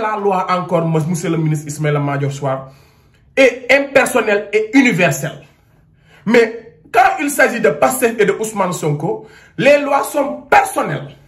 la loi encore, monsieur le ministre Ismaël Major Soir, est impersonnelle et universelle. Mais quand il s'agit de Pasteur et de Ousmane Sonko, les lois sont personnelles.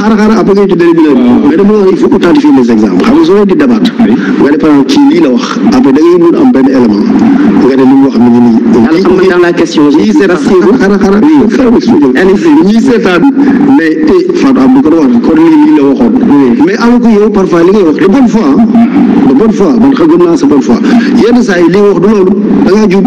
xaaral après ngay tuddee bilan bi ah. mais dama wax il faut lii la wax après da ngay mun am benn élément nga ne li mu wax mi ngi nii xam nga dans la question ñii seetaan xaaral waxoon mais am yow parfois li ngay wax de bonne foi de bonne foi man yenn saa yi li wax du loolu da jub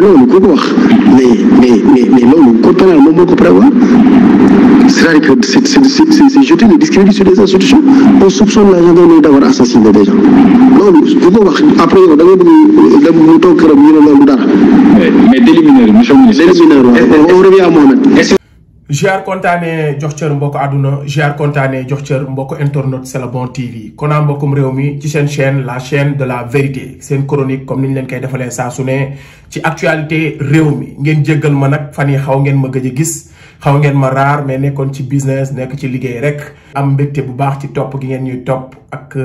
mais loolu ku ko wax mais mais mais mais loolu code pénal moom moo ko prévoir c'est-à-dire que c'est c'est jeter le discrédit sur des institutions on soupçonne la gendarmerie d'avoir assassiné des gens loolu ku ko wax après yow da nga mu toog këram ñu ne loolu dara. mais délit mineur monsieur le ministre. délit mineur waaw on Ziar kontaanee jox cër mbokk àdduna ziar kontaanee jox cër mbokk internet c'est le bon TV kon naa réew mi ci seen chaîne la chaîne de la vérité seen chronique comme ni ñu leen koy defalee saa su ci actualité réew mi ngeen jëggal ma nag fan yi xaw ngeen ma gëj a gis. xaw ngeen ma rar mais nekkon ci business nek ci liggéey rek am mbekté bu baax ci top gi ngeen ñuy top ak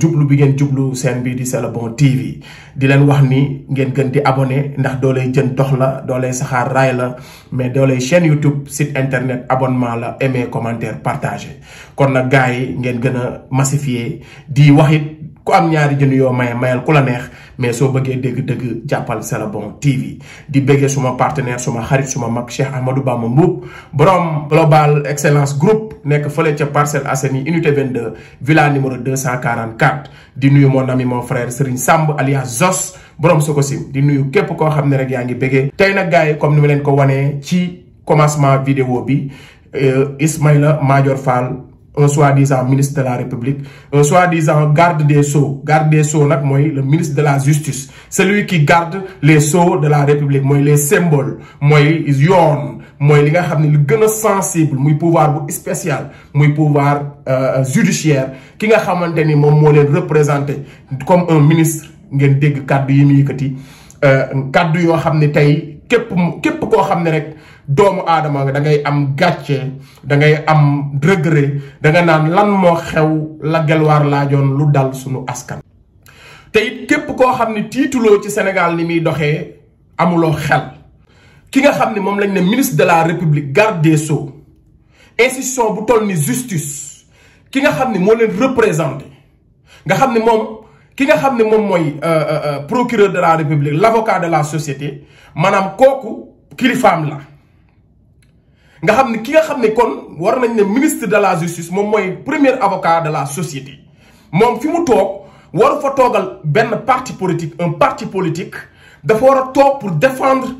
djublu euh, bi ngeen djublu sen bi di c'est bon tv di len wax ni ngeen gën di abonné ndax lay jën dox la lay saxar ray la mais lay chaîne youtube site internet abonnement la aimer commentaire partager kon nag gaay ngeen gëna massifier di waxit ku am ñaari jën yoo maye mayal ku la neex mais soo bëggee dégg-dëgg jàppal c'est le TV di bëggee suma partenaire suma xarit suma mag Cheikh Ahmadou Bamba Mboup borom global excellence group nekk fële ca Parcelles yi unité 22 villa numéro 244 di nuyu mon ami mon frère Serigne Samb alias Zos ko Sococim di nuyu képp koo xam ne rek yaa ngi bëggee. tey nag gars yi comme ni ma leen ko wanee ci commencement vidéo bi euh, Ismaïla Madior Fall. un soi-disant ministre de la République, un soi-disant garde des sceaux. Garde des sceaux, nak, le ministre de la Justice. Celui qui garde les sceaux de la République, moi, les symboles, moi, yon, moi, les gars, le gars sensible, moi, pouvoir spécial, moi, pouvoir euh, judiciaire, qui nga xamanteni mom mo len représenter comme un ministre ngeen dégg cadre yi mi yëkëti euh kaddu yo xamné tay képp képp ko xamné rek doomu aadama nga da ngay am gàcce da ngay am regret da nga naan lan moo xew la gelwaar laajoon lu dal suñu askan. te képp koo xam ne tiituloo ci Sénégal ni muy doxee amuloo xel ki nga xam ne moom lañ ne ministre de la république garde des so institution bu toll ni justice ki nga xam ne moo leen représenté nga xam ne moom. ki nga xam ne moom mooy euh, euh, euh, procureur de la république l'avocat de la société maanaam kooku kilifaam la nga ki nga ministre de la justice premier avocat de la société parti politique un parti politique pour défendre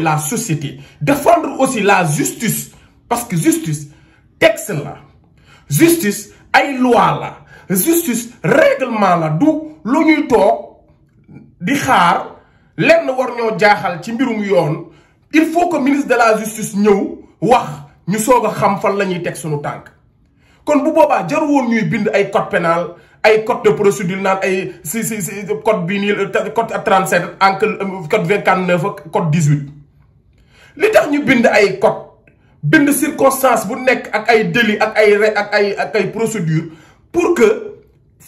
la société défendre aussi la justice parce que justice texte justice ay loi la justice règlement la di xaar war ñoo jaaxal ci mbirum il faut que ministre de la justice nous wax ñu soog a xam fan la ñuy teg suñu kon bu boba jar woon ñuy bind ay code pénal ay code de procédure naan ay si si si code bi ni code 37 une code code 18 li tax ñu bind ay code bind circonstances, bu nek ak ay délit ak ay ak ay ay procédure pour que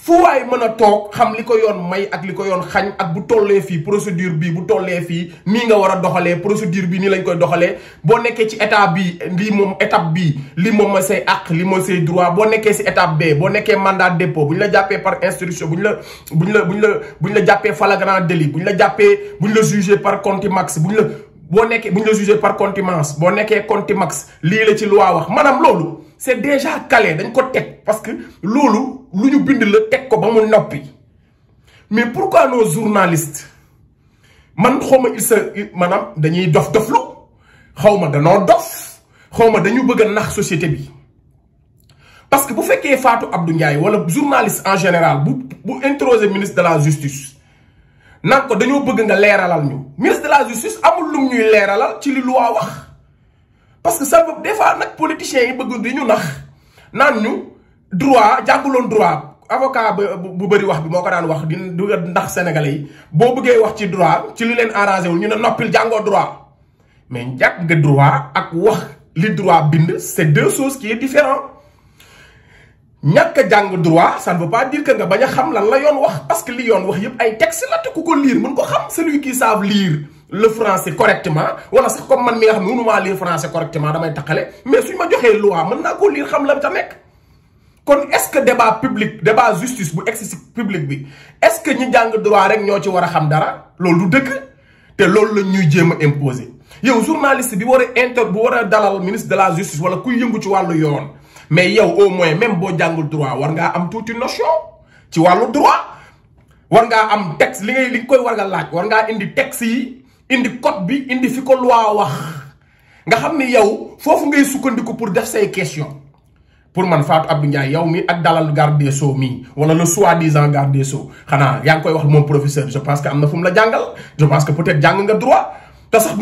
fu waay mën a toog xam li ko yoon may ak li ko yoon xañ ak bu tollee fii procédure bii bu tollee fii nii nga war a doxalee procédure bi nii lañ koy doxalee boo nekkee ci étape bi lii moom étape bi li moom ma say àq li ma boo nekkee si étape B boo nekkee mandat dépôt bu la jàppee par instruction buñ la bu ñu la bu ñu la bu la jàppee flagrant délit bu ñu la jàppee bu ñu la jugé par contumace bu ñu la boo nekkee bu la jugé par contumace boo nekkee max lii la ci loi wax maanaam loolu c'est déjà calé dañ ko tek parce que lolu luñu bind le tek ko bamou nopi mais pourquoi nos journalistes man xaw il se manam dañuy dof doflu xawma ma danoo dof xawma dañu bëgg nax société bi parce que bu fekkee Fatou Abdou Ndiaye wala journaliste en général bu bu ministre de la justice nanko dañu bëgg nga léralal ñu ministre de la justice amul lu ñuy léralal ci li loi wax parce que ça veut des fois nak politiciens yi bëggu di ñu nax nan ñu droit jangulon droit avocat bu bari wax bi moko daan wax di ndax sénégalais bo bëggé wax ci droit ci lu leen arrangé wu ñu na nopil jangoo droit mais ñak nga droit ak wax li droit bind c'est deux choses qui est différent ñak jang droit ça ne veut pas dire que nga baña xam lan la yoon wax parce que li yoon wax yëpp ay texte la te ku ko lire mën ko xam celui qui savent lire le français correctement wala sax comme man mi nga xam ne mënumaa lire français correctement damay takalé mais suñu ma joxé loi mën na ko lire xam la ta nekk. kon est-ce que débat public débat justice bu egsi public bi est-ce que ñi jang droit rek ñoo ci war xam dara loolu du dëgg te loolu la ñuy jéem imposer yow journaliste bi wara inter bu wara dalal ministre de la justice wala kuy yëngu ci walu yoon mais yow au moins même bo jàngul droit war nga am tuuti notion ci walu droit war nga am texte li ngay li koy war nga laaj war nga indi texte yi indi code bi indi fi ko loi wax nga xamni yow fofu ngay pour def question pour man Fatou Abdou Ndiaye yow mi ak dalal garde des wala le soi-disant des sceaux koy wax professeur je pense que amna fum la jangal je pense que peut-être jang nga droit sax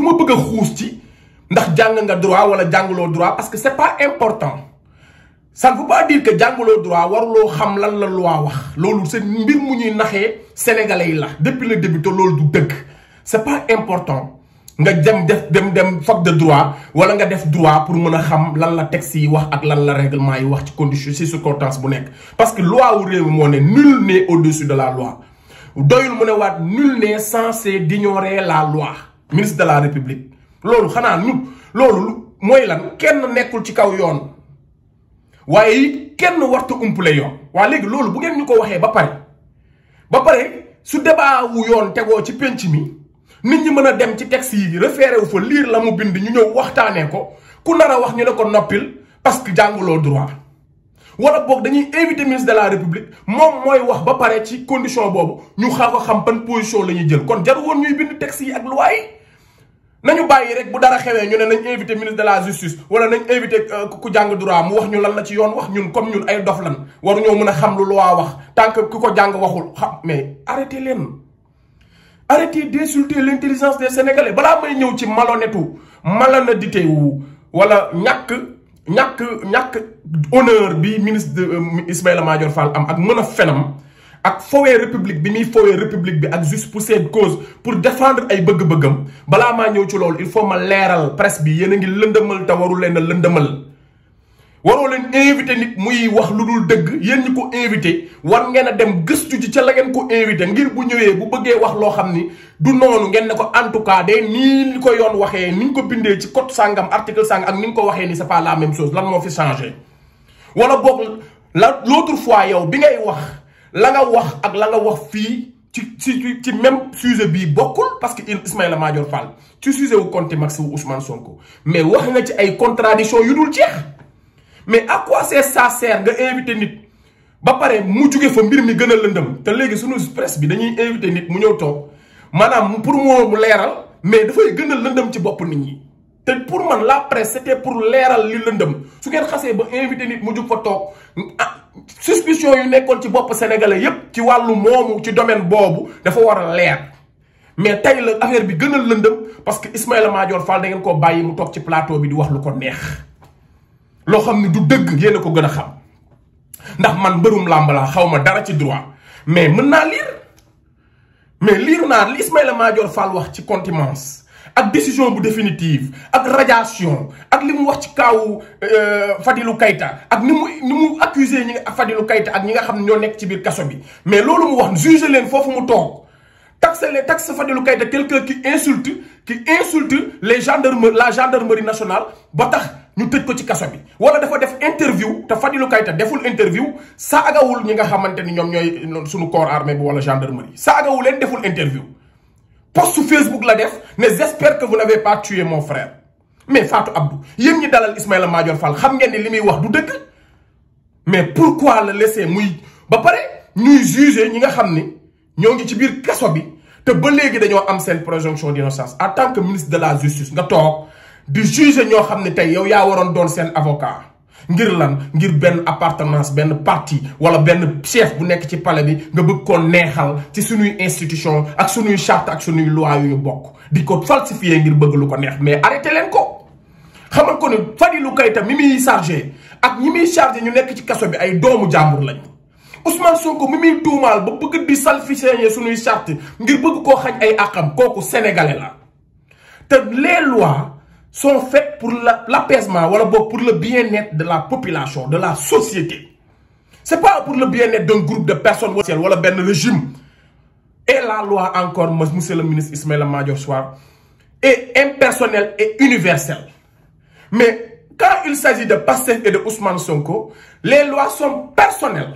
nga droit wala droit parce que c'est pas important ça ne veut pas dire que droit waruloo xam lan la loi wax c'est mbir mu ñuy sénégalais la depuis le début c'est pas important nga dem def dem dem fac de droit wala nga def droit pour mën xam lan la texte yi wax ak lan la règlement yi wax ci condition ci circonstance bu nek parce que loi ou réew moo ne nul n'est au-dessus de la loi doyul mu ne waat nul n'est censé d'ignorer la loi ministre de la république lolu xana ñu lolu moy lan kenn nekul ci kaw yoon waaye kenn warta umpale yoon wa léegi lolu bu ngeen ñuko waxé ba paré ba paré su débat wu yoon tegoo ci penc mi nit ñi mën a dem ci texte yi référé wu fa liir la mu bind ñu ñëw waxtaanee ko ku nar a wax ñu ne ko noppil parce que jànguloo droit wala boog dañuy invité ministre de la république moom mooy wax ba pare ci condition boobu ñu xaa ko xam ban position la ñuy jël kon jaru woon ñuy bind texte yi ak loi yi nañu bàyyi rek bu dara xewee ñu ne nañ invité ministre de la justice wala nañ invité euh, ku jàng droit mu wax ñu lan la ci yoon wax ñun comme ñun ay dof lan waruñoo mën a xam lu loi wax ku ko jàng waxul xam ah, mais arrêté leen arrêtez d'insulter l'intelligence des Sénégalais de may ci malhonnêteté wala honneur bi ministre euh, Ismaël Madior Fall am ak ak république bi république juste pour cette cause pour défendre ay bëgg-bëggam de ma ci il faut ma presse bi ngi waroo leen invité nit muy wax lu dul dëgg ñi ko invité dem ci la ngeen ko invité ngir bu bu wax du en tout cas ni ko bindee ci code sangam article sàng ak ni ko ni c'est pas la même chose lan moo fi changé. wala l'autre fois yow bi ngay wax la nga wax ak la nga wax ci ci même sujet bi parce que Madior Fall ci sujet Max Ousmane Sonko mais contradiction mais à quoi c'est ça sert nga invité nit ba paré mu jóge fa mbir mi gën a lëndëm te léegi sunu presse bi dañuy inviter nit mu ñëw tok manam pour moo mu léral mais da fay a lëndëm ci bop nit ñi té pour man la presse c'était pour léral li lëndëm su ngeen xasee ba inviter nit mu jug fa tok ah, suspicion yu nekkoon ci bop sénégalais yépp ci walu momu ci domaine bobu dafa war a leer mais tay la affaire bi gën a lëndëm parce que Ismaïla Madior Fall da ngeen ko bayyi mu tok ci plateau bi di wax lu ko neex lo xamni du deug yéen ko gëna xam ndax man mbërum làmb laa xaw dara ci droit mais mën naa lire mais lire na li Ismaïla Madior Fall wax ci contimance ak décision bu définitive ak radiation ak limu wax ci euh, Fadilou Keita ak nimu nimu ni accusé ñi Fadilou Keita ak ñi nga xam ne ñoo nekk ci biir kasso bi mais loolu mu wax juger leen fofu mu toog taxe les taxe Fadilou Keita quelqu'un qui insulte qui insulte les gendarmes la gendarmerie nationale ba tax ñu tëj ko ci kaso bi wala dafa def interview te Fadilou kayta deful interview saagawul ñi nga xamanteni ñom ñoy suñu corps armé bi wala gendarmerie saagawu len deful interview post sur Facebook la def ne j'espère que vous n'avez pas tué mon frère mais Fatou Abdou yéen ñi dalal Ismaïla Madior Fall xam ngeen ni limi wax du deug mais pourquoi le laisser muy ba paré ñuy juger ñi nga xam ni ñoo ngi ci biir kasso bi te ba léegi dañoo am seen présomption d'innocence en tant que ministre de la justice nga toog di juger ñoo xam ne tey yow yaa waroon doon seen avocat ngir lan ngir benn appartenance benn parti wala benn chef bu nekk ci pale bi nga bëgg koo neexal ci suñuy institution ak suñuy charte ak suñuy loi yu ñu bokk di ko falsifier ngir bëgg lu ko neex mais arrêté leen ko xamal ko ne Fadilou Keita mi muy chargé ak ñi muy chargé ñu nekk ci kaso bi ay doomu jàmbur lañ Ousmane Sonko mi muy tuumaal ba bëgg bi salficier suñuy chart ngir bëgg koo xañ ay àqam kooku sénégalais te les lois sont faites pour l'apaisement, pour le bien-être de la population, de la société. Ce n'est pas pour le bien-être d'un groupe de personnes ou d'un régime. Et la loi encore, monsieur le ministre Ismaël Major Soir, est impersonnelle et universelle. Mais quand il s'agit de Passe et de Ousmane Sonko, les lois sont personnelles.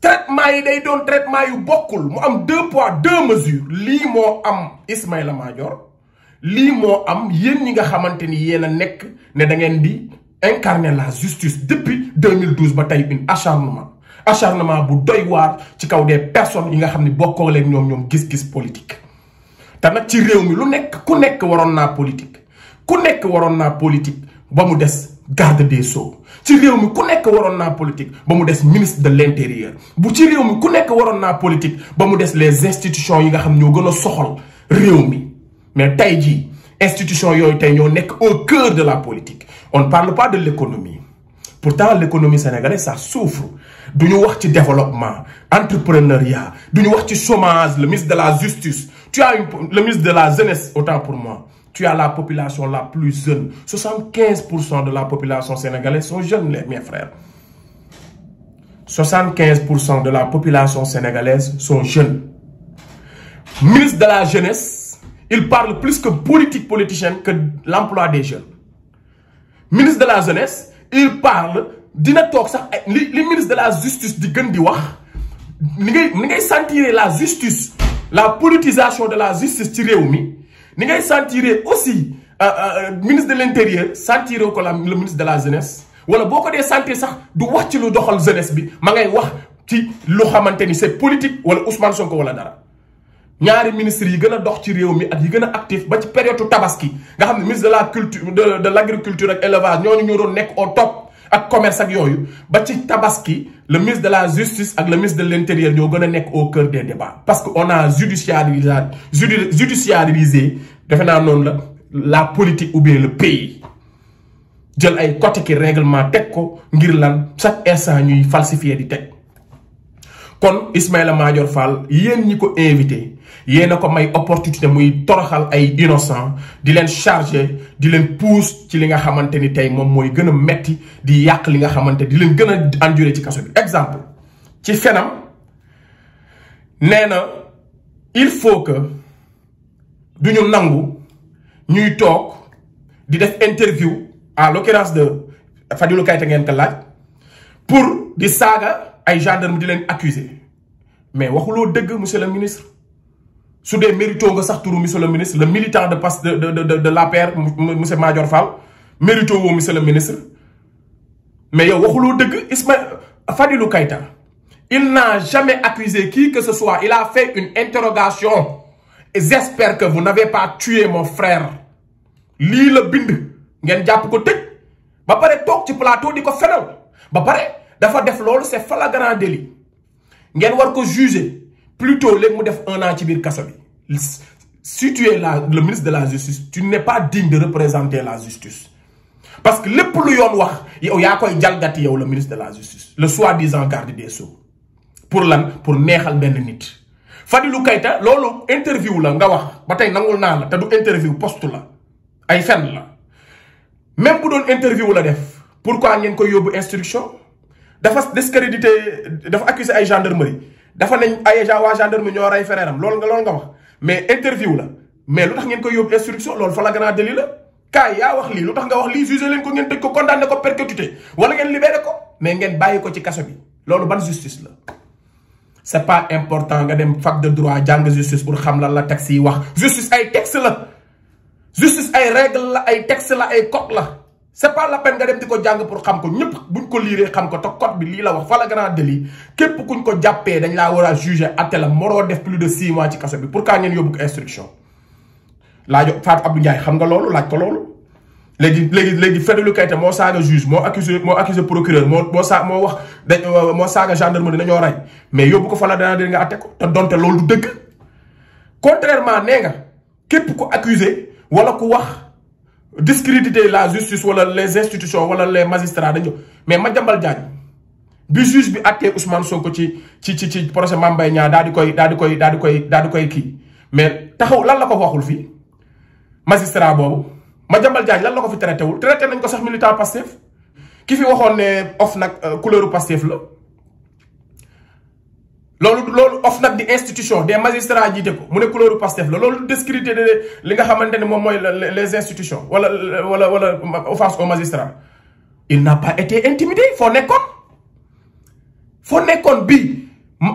Traitement, il y a un traitement, il y a deux poids, deux mesures. L'IMO moi Ismaël Major, lii moo am yéen ñi nga xamante ni yéen a nekk ne da ngeen di incarner la justice depuis 2012 ba tey une acharnement acharnement bu doy waar ci kaw des personnes yi nga xam ni bokkoo leen ñoom ñoom gis-gis politique. te nag ci réew mi lu nekk ku nekk waroon naa politique ku nekk waroon naa politique ba mu des garde des sceaux ci réew mi ku nekk waroon naa politique ba mu des ministre de l'intérieur bu ci réew mi ku nekk waroon naa politique ba mu des les institutions yi nga xam ñoo gën a soxal réew mais Taïdi, institution yooyu au cœur de la politique on ne parle pas de l'économie pourtant l'économie sénégalaise ça souffre du développement entrepreneuriat de chômage le ministre de la justice tu as le ministre de la jeunesse autant pour moi tu as la population la plus jeune 75 de la population sénégalaise sont jeunes mes frères 75 de la population sénégalaise sont jeunes ministre de la jeunesse il parle plus que politique politicienne que l'emploi des jeunes ministre de la jeunesse il parle dina toog sax eh, les ministres ministre de la justice di gën di wax ni ngay sentir la justice la politisation de la justice tirée au mi ni sentir aussi euh, euh, euh, ministre de l'intérieur sentir ko la le ministre de la jeunesse wala boo ko dee sentir sax du wax ci lu doxal jeunesse bi ma ngay wax ci lu xamante c'est politique wala Ousmane Sonko wala dara ñaari ministres yi gën a dox ci réew mi ak yi gën a actif ba ci période tabaski nga xam ne ministre de la culture de de l' agriculture ak élevage ñooñu ñu doon nekk au top ak commerce ak yooyu ba ci tabaski le ministre de la justice ak le ministre de l' intérieur ñoo gën a nekk au cœur des débats. parce que on a judiciarisé judiciarisé defe naa noonu la la politique ou bien le pays jël ay côté ki règlement teg ko ngir lan chaque instant ñuy falsifier di teg kon Ismaïla Madior Fall yeen ñi ko invité yeen ko may opportunité muy toroxal ay innocent di len chargé di len pousse ci li nga xamanteni ni mom moy gëna metti di yaq li nga xamanteni di len gëna a ci kasso bi exemple ci fenam néna il faut que duñu nangu ñuy tok di def interview à l'occurrence de Fadilou Kayta ngeen ko laaj pour di saga ay gendarme di leen accuser mais waxuloo dëgg monsieur le ministre su dee mérito nga sax turu monsieur le ministre le militant de passe de de de de l'APR monsieur Madior Fall mérito woo monsieur le ministre mais yow waxuloo dëgg Ismaïla Fadilou kayta il n'a jamais accusé qui que ce soit il a fait une interrogation et j'espère que vous n'avez pas tué mon frère lii la bind ngeen jàpp ko tëj ba pare toog ci plateau di ko fenal ba pare dafa def lolu c'est flagrant délit ngeen war ko juger plutôt léegi mu def un an ci bir kaso bi si tu es la le ministre de la justice tu n'es pas digne de représenter la justice parce que lepp lu yone wax yow yaa koy jalgati yow le ministre de la justice le soi-disant garde des sceaux pour lan pour neexal benn nit Fadilou Keita lolu interview la nga wax batay nangul naa la te du interview poste la ay fen la même bu doon interview la def pourquoi ngeen koy yóbbu instruction dafa discrédité dafa accusé ay gendarmerie dafa nañ ay waa gendarmerie ñoo ray frère am lool nga lool nga wax mais interview la mais lutax ngeen koy yob instruction lool fa la gën a délit la kay ya wax li lutax nga wax li jugé leen ko ngeen tej ko condamné ko perpétuité wala ngeen libéré ko mais ngeen bàyyi ko ci kasso bi loolu ban justice la c'est pas important nga dem fac de droit jàng justice pour xam la la taxi wax justice ay texte la justice ay règle la ay texte la ay code la c'est pas la peine nga dem di ko pour xam ko ñëpp buñ ko liiree xam ko te code bi li la wax fa la grand délit képp kuñ ko jappé dañ la wara juger atte la moro def plus de 6 mois ci casse bi pourquoi ñen yobuk instruction la laaj fat Abdou ndjay xam nga lolu laj ko loolu légui légui léegi Fadilou Keita mo saga juge mo accusé mo accusé procureur mo mo saa mo wax dañ euh, moo saaga gendarmerie dañoo rey mais yóbbu fa la dana de nga atte ko te donte lolu du dëgg contrairement né nga képp ku accusé wala ku wax discréditer la justice wala les institutions wala les magistrats dañu mais Madiambal Diagne bi juge bi àttee Ousmane Sonko ci ci ci ci procès Mame Mbaye Niang daal di koy daal di koy daal di koy daal di koy kii mais taxaw lan la ko waxul fii magistrat boobu Madiambal Diagne lan la ko fi traité wul traité nañ ko sax militant Pastef ki fi waxoon ne of nag euh, couleur Pastef la. loolu institution des magistrats n'a de les institutions aux magistrats il n'a pas été intimidé il faut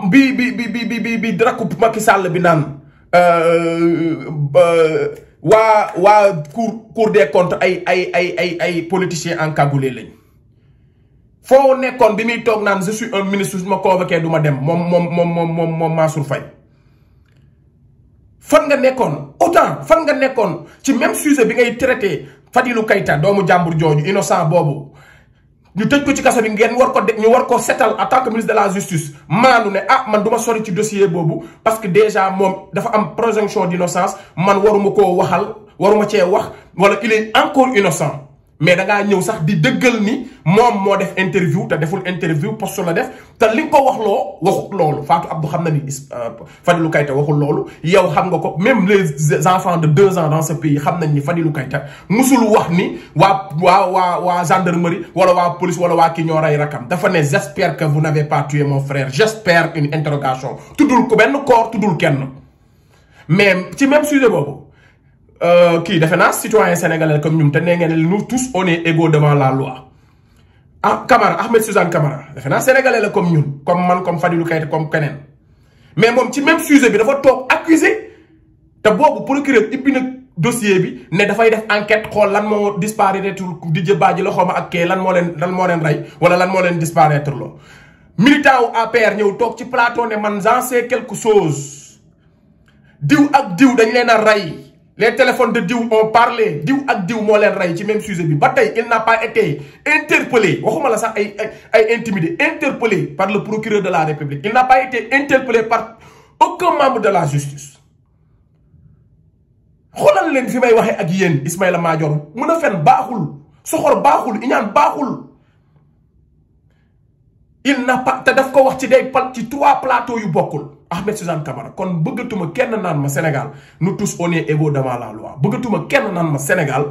bi bi bi bi bi bi bi cour cour des comptes ay ay ay ay politiciens foo nekkoon bi muy toog naan je suis un ministre su ma convoqué du ma dem moom moom moom moom moom Mansour Faye nga nekkoon autant fan nga nekkoon ci même sujet bi ngay traité Fadilou Keita doomu jàmbur jooju innocent boobu ñu tëj ko ci kaso bi ngeen war ko de ñu war ko setal en tant que ministre de la maa maanu ne ah man du ma sori ci dossier boobu parce que déjà moom dafa am présomption d'innocence man waruma koo waxal waruma cee wax wala il est encore innocent mais da nga ñëw sax di dëggal ni mom mo def interview ta deful interview post la def ta li ko wax lo waxut loolu Fatou Abdou xamna ni euh, Fadilou Kayta waxul loolu yow xam nga ko même les enfants de 2 ans dans ce pays xam nañ ni Fadilou kayta musul wax ni wa wa wa waa gendarmerie wala wa police wala wa ki ñoo ray rakam dafa ne j'espère que vous n'avez pas tué mon frère j'espère une interrogation tudul ko benn corps tudul kenn mais ci même sujet Bobo qui euh, défendent naa citoyen sénégalais comme ñum te nous tous on est égaux devant la loi ah Camara Ahmed Suzanne Camara défendent sénégalais comme ñun comme man comme Fadilou Keita comme Kenen. mais moom ci même sujet bi dafa toog accusé T'as beau procureur ibbi na dossier bi ne dafay def enquête xool lan moo disparaître Didier Badji la xawma ak kee lan moo leen lan moo leen ray, wala lan moo disparaître loo militant ou APR ñëw toog ci plateau ne man j'en quelque chose diw ak diw dañ leen ray les téléphones de Dieu ont parlé Dieu ak dit m'ont même sujet il n'a pas été interpellé la intimidé interpellé par le procureur de la république il n'a pas été interpellé par aucun membre de la justice Regardez ce fi may ak Ismaël Ismaël fen soxor il n'a pas été interpellé trois plateaux Ahmed Suzanne Camara kon bëggatuma kenn nan ma Sénégal nous tous on est devant la loi bëggatuma kenn nan ma Sénégal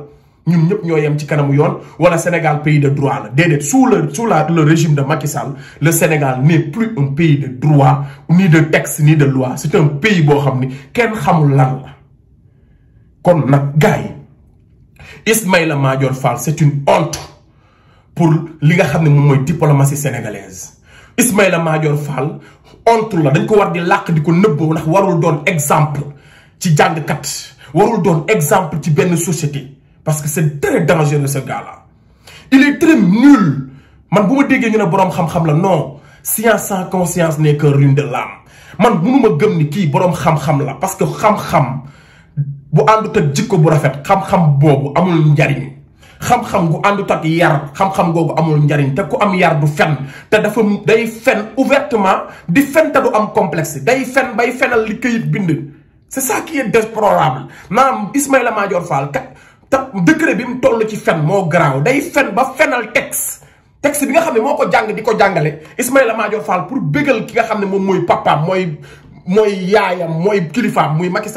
ñun ñëpp Nous ci kanamu yoon wala Sénégal pays de droit sous le sous la le régime de Macky Sall le Sénégal n'est plus un pays de droit ni de texte ni de loi c'est un pays bo xamni kenn xamul lan la kon nak gars Ismail Ismaïla Major Fall c'est une honte pour li diplomatie sénégalaise Ismaïla Major Fall honte la dañ ko war di di ko ndax warul exemple ci kat warul exemple ci société parce que c'est très dangereux ce gars-là il est très nul man buma on ñu ne borom xam-xam la non science sans conscience n'est que ruine de l'âme man mënuma gëm ni kii xam-xam la parce que xam-xam bu àndut ak jikko bu rafet xam-xam bobu amul xam-xam gu àndut ak yar xam-xam googu amul njariñ te ku am yar du fen te dafa day fen ouvertement di fen te du am complexe day fen bay fenal li këyit bind. c'est ça qui est déplorable maanaam Ismaïla Madior Fall kat ta décret bi mu toll ci fen moo garaaw day fen ba fenal texte texte bi nga xam ne moo ko jàng di ko jàngale Ismaïla Madior Fall pour bégal ki nga xam ne moom mooy papaam mooy. mooy yaayam mooy kilifaam muy Macky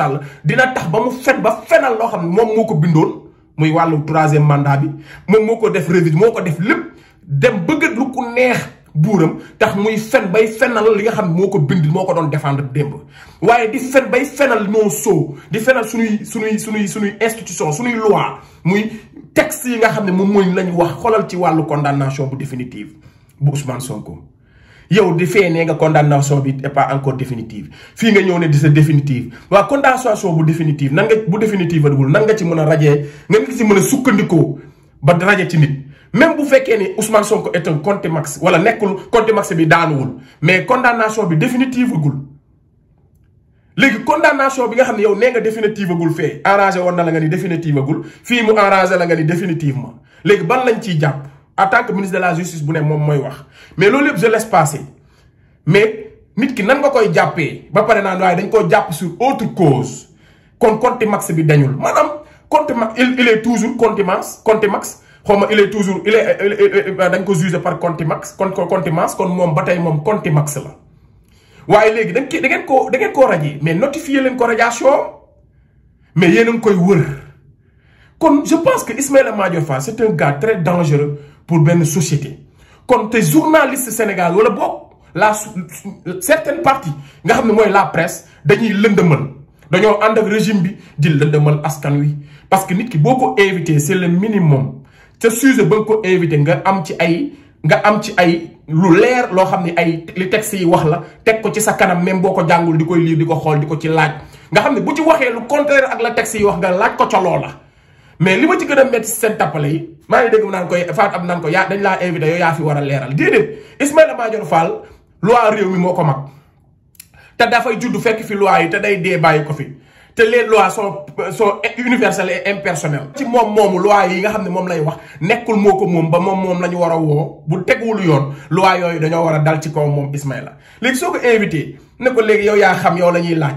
dina tax ba mu fen ba fenal loo xam ne moom moo ko bindoon muy wàllu troisième mandat bi moom moo ko def révision moo ko def lépp dem bëgg lu ku neex buuram tax muy fen bay fenal li nga xam moo ko bind moo ko doon défendre démb waaye di fen bay fenal moo soo di fenal suñuy suñuy suñuy suñuy institution suñuy loi muy texte yi nga xam ne moom mooy lañ wax xoolal ci wàllu condamnation bu définitive bu Ousmane Sonko. yow di feenee nga condamnation bi est pas encore définitive fii nga ñëw ne di sa définitive waaw condamnation bu définitive nan nga bu définitive adugul nga ci mën a rajee nga nga ci mën a sukkandikoo ba raje ci nit même bu fekkee ni Ousmane Sonko est un max wala nekkul contumax bi daanuwul mais condamnation bi définitive agul léegi condamnation bi nga xam ne yow nee nga définitive agul fee arrangé woon na la nga ni définitive agul fii mu arrangé la nga ni définitivement léegi ban lañ ciy jàpp en tant que ministre de la justice bu mom moy wax mais lolé je laisse passer mais nit ki nan nga koy jappé ba paré naan waaye dañ ko japp sur autre cause kon contumace bi dañul maanaam Max, il est toujours contumace contumace xaw ma il est toujours il est euh, dañ ko juger par contumace kon contumace kon mom batay mom moom contumace la. waaye légui dañ ngeen da ngeen da ngeen radier mais notifier len ko radiation mais yéen a ngi koy wër kon je pense que ismaël Madior Fall c'est un gars très dangereux pour benn société Comme tes journalistes Sénégal wala boog la certaines parties, nga xam ne la presse dañuy lëndëmal dañoo ànd ak régime bi di lëndëmal askan wi parce que nit ki boo ko invité c'est le minimum ca sujet ba nga ko invité nga am ci ay nga am ci ay lu leer lo xam ay li texte yi wax la tek ko ci sa kanam même boko jangul jàngul lire diko xol diko ci laaj nga xam bu ci waxee lu contraire ak la texte yi wax nga laaj ko ci lola mais li ma ci gëna a métti seen tappale yi maa ngi dégg mu naan koy faat ab naan ko yaa dañ laa invité yow yaa fi war a leeral déedéet Ismaïla Madior Fall loi réew mi moo ko mag te dafay juddu fekk fi loi yi te day dee bàyyi ko fi te les lois sont sont universelles et impersonnelles. ci moom moomu loi yi nga xam ne moom lay wax nekkul moo ko moom ba moom moom la ñu a woo bu teguwul yoon loi yooyu dañoo war a dal ci kaw moom Ismaïla léegi soo ko invité ne ko léegi yow yaa xam yow la ñuy laaj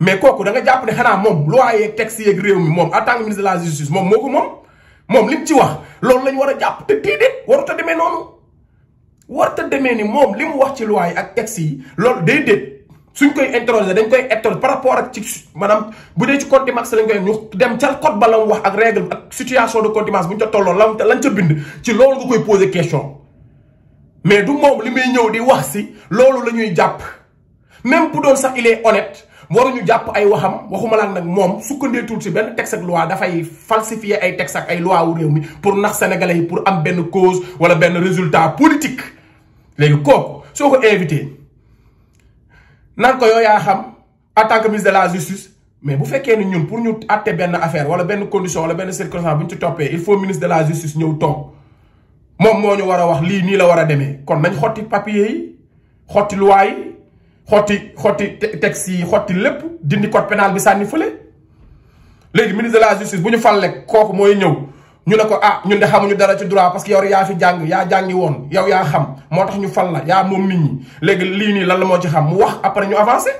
mais kooku da nga jàpp ne xanaa moom loi yeeg texte yeeg réew mi moom en tant que ministre la justice moom moo ko moom. Mom lim ci wax loolu lañ wara japp jàpp te de warut a demee noonu warut a demee ni mom lim wax ci loi ak texte yi loolu déedéet suñ koy interroger dañ koy interroger par rapport ak ci manam bu dé ci max lañ koy ñu dem ci code ba la wax ak règle ak situation de contumace bu ñu ca tolloo lañ ca bind ci loolu nga koy poser question mais du mom limay ñëw di wax ci loolu la japp même bu doon sax il est honnête. waruñu jàpp ay waxam waxuma laan nag moom sukkandeetul si benn texte ak loi dafay falsifier ay texte ak ay loi wu réew mi pour nax sénégalais yi pour am benn cause wala benn résultat politique léegi kooku soo ko invité naan ko yow xam en tant que ministre de la justice mais bu fekkee ni ñun pour ñu àtte benn affaire wala benn condition wala benn circonstance bu ñu ci toppee il faut ministre de la justice ñëw toog moom moo ñu war a wax lii nii la war a demee kon nañ xotti papier xotti loi yi xotti xotti texte yi xotti lépp dindi code pénal bi sànni fule léegi ministre de la justice bu ñu fal rek kooku mooy ñëw ñu ne ko ah ñu de xamuñu dara ci droit parce que yow yaa fi jàng yaa jàngi woon yow yaa xam moo tax ñu fal la yaa moom nit ñi léegi lii nii lan la moo ci xam mu wax après ñu avancé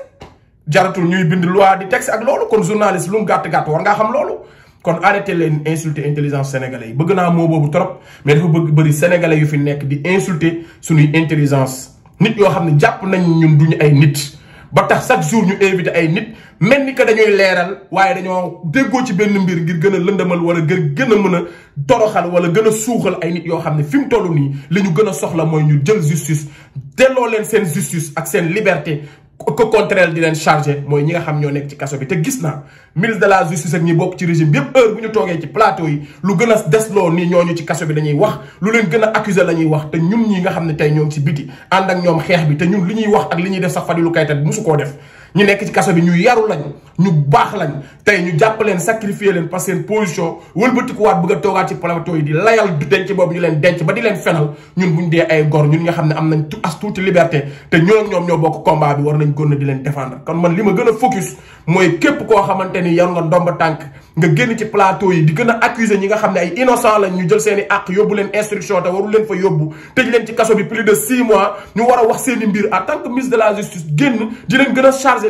jaratul ñuy bind loi di texte ak loolu kon journaliste lu mu gàtt gàtt war ngaa xam loolu. kon arrêté leen insulter intelligence sénégalais yi bëgg naa moo boobu trop mais dafa bëri sénégalais yu fi nekk di insulter suñuy intelligence. nit yoo xam ne jàpp nañ ñun duñu ay nit ba tax chaque jour ñu invité ay nit mel ni que dañuy leeral waaye dañoo déggoo ci benn mbir ngir gën a lëndamal wala gën gën a mën a toroxal wala gën a suuxal ay nit yoo xam ne fi mu toll nii li ñu gën a soxla mooy ñu jël justice delloo leen seen justice ak seen liberté ko contraire di leen chargé mooy ñi nga xam ñoo nekk ci kaso bi te gis na ministre de la justice ak ñi bokk ci régime bi yëpp heure bu ñu toogee ci plateau yi lu gën a desloo ni ñooñu ci kaso bi dañuy wax lu leen gën a accusé la ñuy wax te ñun ñi nga xam ne tey ñoom ci biti ànd ak ñoom xeex bi te ñun li ñuy wax ak li ñuy def sax Fadilou Keita musu koo def ñu nekk ci kaso bi ñu yaru lañu ñu baax lañ tey ñu jàpp leen sacrifier leen parce que seen position wëlbatikuwaat bëgg a toogaat ci plateau yi di layal du denc boobu ñu leen denc ba di leen fenal ñun ne am nañ as tuuti ñoo ñoo bokk combat war a di leen défendre kon man li ma gën a focus mooy képp koo xamante ni yor nga ndomba tànk nga génn ci plateau yi di gën a accuser ñi nga xam ne ay innocent lañ ñu jël seen i àq yóbbu leen instruction te waru leen fa yóbbu tëj leen ci kaso bi plus de six mois ñu war a wax seen i mbir en tant que ministre de la justice génn di leen gën a chargé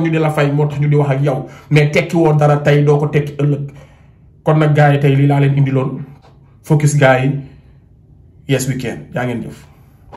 yor ñu di la fay moo tax ñu di wax ak yow mais tekki woo dara tey doo ko tekki ëllëg kon nag gaa yi tey lii laa leen indiloon focus gaa yi yes weekend yaa ngeen jëf.